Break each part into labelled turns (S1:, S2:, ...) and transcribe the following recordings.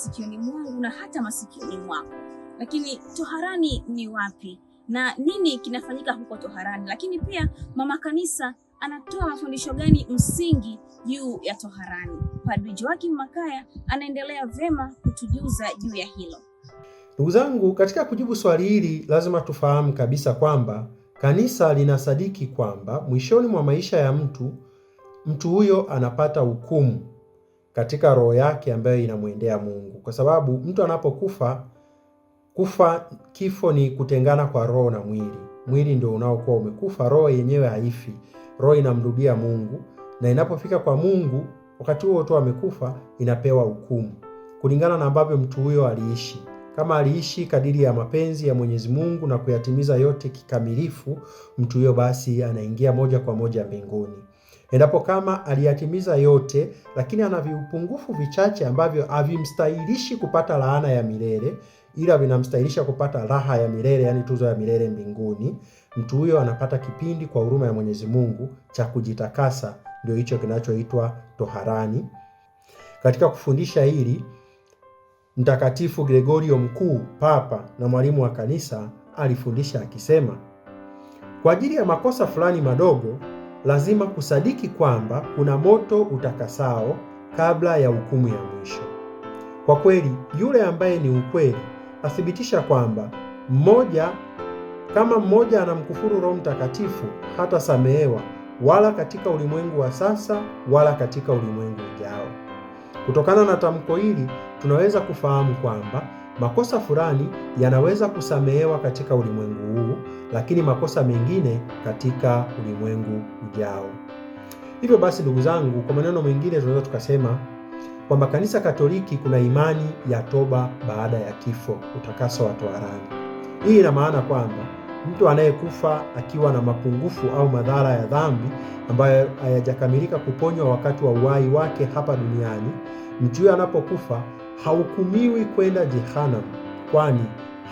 S1: masikioni mwangu na hata masikioni mwako. Lakini toharani ni wapi na nini kinafanyika huko toharani? Lakini pia mama kanisa anatoa mafundisho gani msingi juu ya toharani? Padri Joakim Makaya anaendelea vema kutujuza juu ya hilo. Ndugu zangu, katika kujibu swali hili lazima tufahamu kabisa kwamba kanisa linasadiki kwamba mwishoni mwa maisha ya mtu mtu huyo anapata hukumu katika roho yake ambayo inamwendea Mungu, kwa sababu mtu anapokufa kufa kifo ni kutengana kwa roho na mwili. Mwili ndio unaokuwa umekufa, roho yenyewe haifi. Roho inamrudia Mungu, na inapofika kwa Mungu wakati huo tu amekufa, inapewa hukumu kulingana na ambavyo mtu huyo aliishi. Kama aliishi kadiri ya mapenzi ya Mwenyezi Mungu na kuyatimiza yote kikamilifu, mtu huyo basi anaingia moja kwa moja mbinguni endapo kama aliyatimiza yote, lakini ana viupungufu vichache ambavyo havimstahilishi kupata laana ya milele, ila vinamstahilisha kupata raha ya milele, yaani tuzo ya milele mbinguni. Mtu huyo anapata kipindi kwa huruma ya Mwenyezi Mungu cha kujitakasa, ndio hicho kinachoitwa toharani. Katika kufundisha hili Mtakatifu Gregorio Mkuu, papa na mwalimu wa kanisa, alifundisha akisema, kwa ajili ya makosa fulani madogo lazima kusadiki kwamba kuna moto utakasao kabla ya hukumu ya mwisho. Kwa kweli, yule ambaye ni ukweli athibitisha kwamba mmoja kama mmoja anamkufuru Roho Mtakatifu hatasamehewa wala katika ulimwengu wa sasa wala katika ulimwengu ujao. Kutokana na tamko hili tunaweza kufahamu kwamba Makosa fulani yanaweza kusamehewa katika ulimwengu huu, lakini makosa mengine katika ulimwengu ujao. Hivyo basi, ndugu zangu, kwa maneno mengine tunaweza tukasema kwamba Kanisa Katoliki kuna imani ya toba baada ya kifo, utakaso wa toharani. Hii ina maana kwamba mtu anayekufa akiwa na mapungufu au madhara ya dhambi ambayo hayajakamilika kuponywa wakati wa uhai wake hapa duniani, mtu huyo anapokufa hahukumiwi kwenda jehanamu, kwani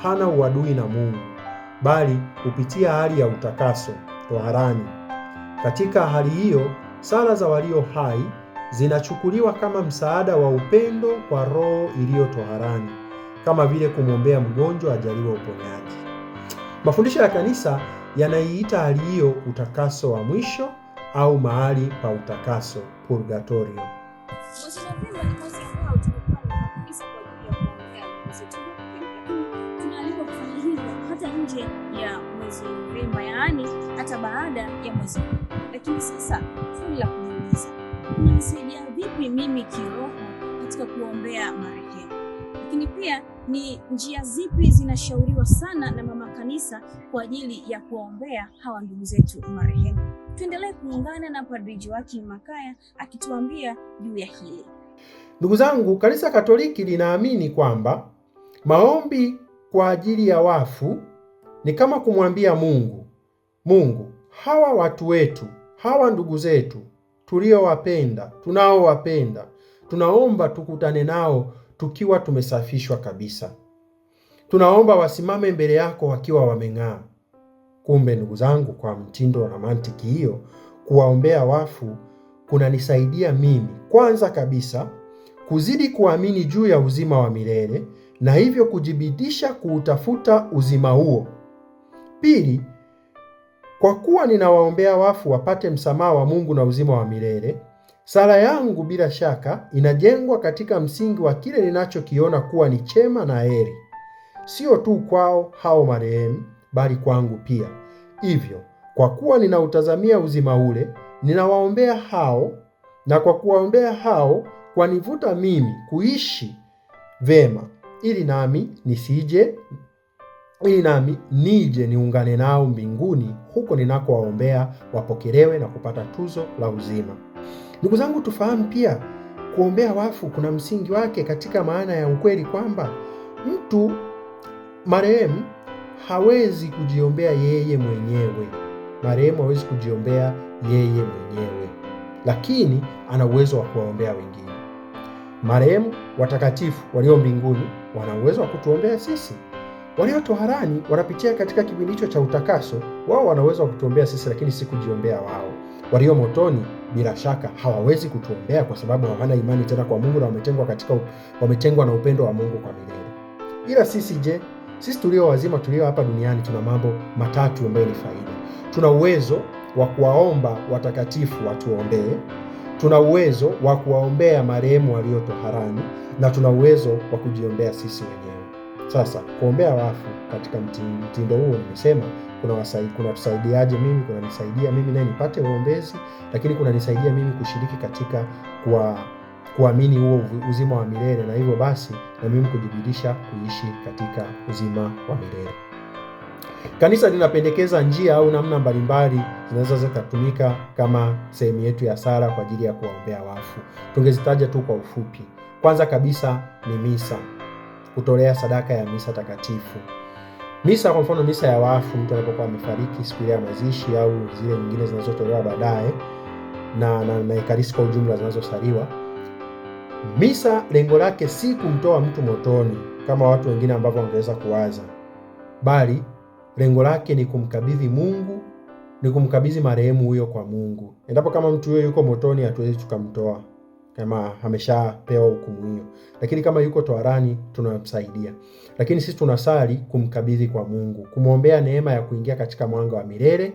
S1: hana uadui na Mungu, bali hupitia hali ya utakaso toharani. Katika hali hiyo, sala za walio hai zinachukuliwa kama msaada wa upendo kwa roho iliyo toharani, kama vile kumwombea mgonjwa ajaliwa uponyaji. Mafundisho ya Kanisa yanaiita hali hiyo utakaso wa mwisho au mahali pa utakaso, purgatorio
S2: msituni, tunaalikwa kufanya hivyo hata nje ya mwezi Novemba, yaani hata baada ya mwezi Lakini sasa swali la kujiuliza, unanisaidia vipi mimi kiroho katika kuombea marehemu? Lakini pia ni njia zipi zinashauriwa sana na mama kanisa kwa ajili ya kuwaombea hawa ndugu zetu marehemu? Tuendelee kuungana na Padri Joakim Makaya akituambia juu ya hili.
S1: Ndugu zangu, kanisa Katoliki linaamini kwamba Maombi kwa ajili ya wafu ni kama kumwambia Mungu, Mungu, hawa watu wetu, hawa ndugu zetu tuliowapenda, tunaowapenda, tunaomba tukutane nao tukiwa tumesafishwa kabisa. Tunaomba wasimame mbele yako wakiwa wameng'aa. Kumbe ndugu zangu, kwa mtindo na mantiki hiyo, kuwaombea wafu kunanisaidia mimi kwanza kabisa kuzidi kuamini juu ya uzima wa milele na hivyo kujibitisha kuutafuta uzima huo. Pili, kwa kuwa ninawaombea wafu wapate msamaha wa Mungu na uzima wa milele, sala yangu bila shaka inajengwa katika msingi wa kile ninachokiona kuwa ni chema na heri, sio tu kwao hao marehemu, bali kwangu pia. Hivyo, kwa kuwa ninautazamia uzima ule, ninawaombea hao, na kwa kuwaombea hao kwanivuta mimi kuishi vema ili nami nisije ili nami nije niungane nao mbinguni huko ninakowaombea wapokelewe na kupata tuzo la uzima. Ndugu zangu, tufahamu pia kuombea wafu kuna msingi wake katika maana ya ukweli kwamba mtu marehemu hawezi kujiombea yeye mwenyewe, marehemu hawezi kujiombea yeye mwenyewe, lakini ana uwezo wa kuwaombea wengine. Marehemu watakatifu walio mbinguni wana uwezo wa kutuombea sisi. walio harani wanapitia katika kipindi hicho cha utakaso, wao wana uwezo wa kutuombea sisi, lakini si kujiombea wao. Walio motoni bila shaka hawawezi kutuombea kwa sababu hawana imani tena kwa Mungu na wametengwa katika wametengwa na upendo wa Mungu kwa milele. Ila sisi je, sisi tulio wazima tulio hapa duniani tuna mambo matatu ambayo ni faida. Tuna uwezo wa kuwaomba watakatifu watuombee Tuna uwezo wa kuwaombea marehemu walio toharani na tuna uwezo wa kujiombea sisi wenyewe. Sasa kuombea wafu katika mtindo huo, nimesema kunatusaidiaje? Kuna mimi kunanisaidia mimi naye nipate uombezi, lakini kunanisaidia mimi kushiriki katika kwa kuamini huo uzima wa milele, na hivyo basi na mimi kujibidisha kuishi katika uzima wa milele. Kanisa linapendekeza njia au namna mbalimbali zinaweza zikatumika kama sehemu yetu ya sala kwa ajili ya kuwaombea wafu. Tungezitaja tu kwa ufupi. Kwanza kabisa ni misa, kutolea sadaka ya misa takatifu. Misa kwa mfano, misa ya wafu, mtu anapokuwa amefariki, siku ile ya mazishi au zile nyingine zinazotolewa baadaye, na na, na ekaristi kwa ujumla zinazosaliwa. Misa lengo lake si kumtoa mtu motoni kama watu wengine ambavyo wangeweza kuwaza, bali lengo lake ni kumkabidhi Mungu, ni kumkabidhi marehemu huyo kwa Mungu. Endapo kama mtu huyo yuko motoni, hatuwezi tukamtoa kama ameshapewa hukumu hiyo, lakini kama yuko toharani tunamsaidia. Lakini sisi tunasali kumkabidhi kwa Mungu, kumwombea neema ya kuingia katika mwanga wa milele,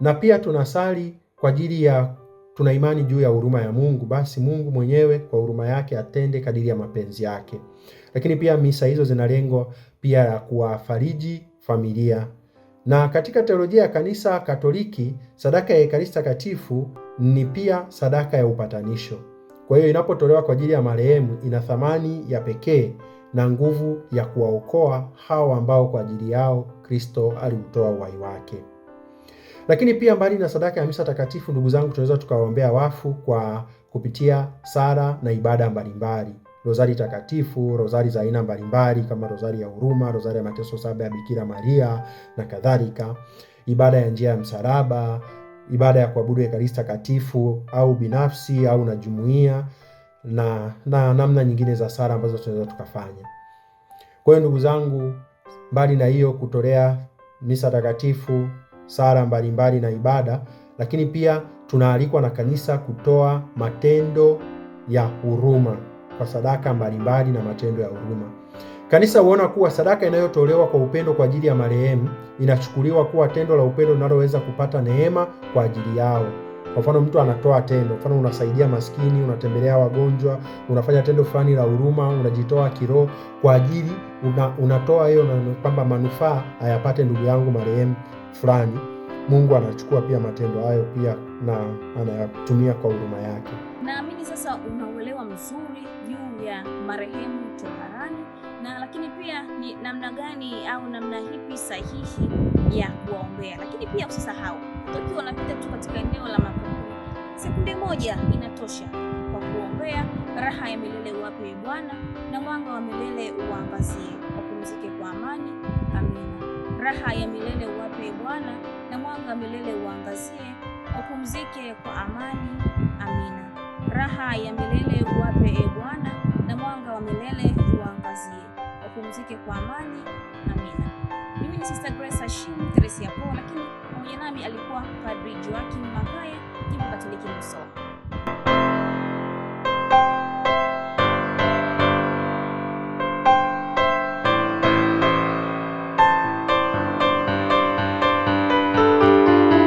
S1: na pia tunasali kwa ajili ya tuna imani juu ya huruma ya Mungu, basi Mungu mwenyewe kwa huruma yake atende kadiri ya mapenzi yake. Lakini pia misa hizo zina lengo pia ya kuwafariji familia. Na katika teolojia ya Kanisa Katoliki, sadaka ya Ekaristi Takatifu ni pia sadaka ya upatanisho. Kwa hiyo inapotolewa kwa ajili ya marehemu, ina thamani ya pekee na nguvu ya kuwaokoa hao ambao kwa ajili yao Kristo aliutoa uhai wake. Lakini pia mbali na sadaka ya misa takatifu, ndugu zangu, tunaweza tukawaombea wafu kwa kupitia sala na ibada mbalimbali rozari takatifu, rozari za aina mbalimbali kama rozari ya huruma, rozari ya mateso saba ya Bikira Maria na kadhalika, ibada ya njia ya msalaba, ibada ya kuabudu Ekaristi takatifu au binafsi au na jumuiya na, na namna nyingine za sala ambazo tunaweza tukafanya. Kwa hiyo ndugu zangu, mbali na hiyo kutolea misa takatifu, sala mbalimbali na ibada, lakini pia tunaalikwa na kanisa kutoa matendo ya huruma kwa sadaka mbalimbali na matendo ya huruma. Kanisa huona kuwa sadaka inayotolewa kwa upendo kwa ajili ya marehemu inachukuliwa kuwa tendo la upendo linaloweza kupata neema kwa ajili yao. Kwa mfano, mtu anatoa tendo, mfano unasaidia maskini, unatembelea wagonjwa, unafanya tendo fulani la huruma, unajitoa kiroho kwa ajili una, unatoa hiyo na kwamba manufaa ayapate ndugu yangu marehemu fulani. Mungu anachukua pia matendo hayo pia na anayatumia kwa huruma yake
S2: sasa unauelewa mzuri juu ya marehemu toharani, na lakini pia ni namna gani au namna hipi sahihi ya kuwaombea. Lakini pia usisahau, ukiwa wanapita tu katika eneo la makaburi, sekunde moja inatosha kwa kuombea, raha ya milele uwape Bwana, na mwanga wa milele uwaangazie. Wapumzike kwa amani, amina. Raha ya milele uwape Bwana, na mwanga wa milele uwaangazie. Wapumzike kwa amani, amina raha ya milele uwape, e Bwana, na mwanga wa milele uwaangazie. Wapumzike kwa amani. Amina. Mimi ni Sister Grace Hashim Theresia Paul, lakini pamoja nami alikuwa Padri Joakim Makaye, Jimbo Katoliki Lusawa.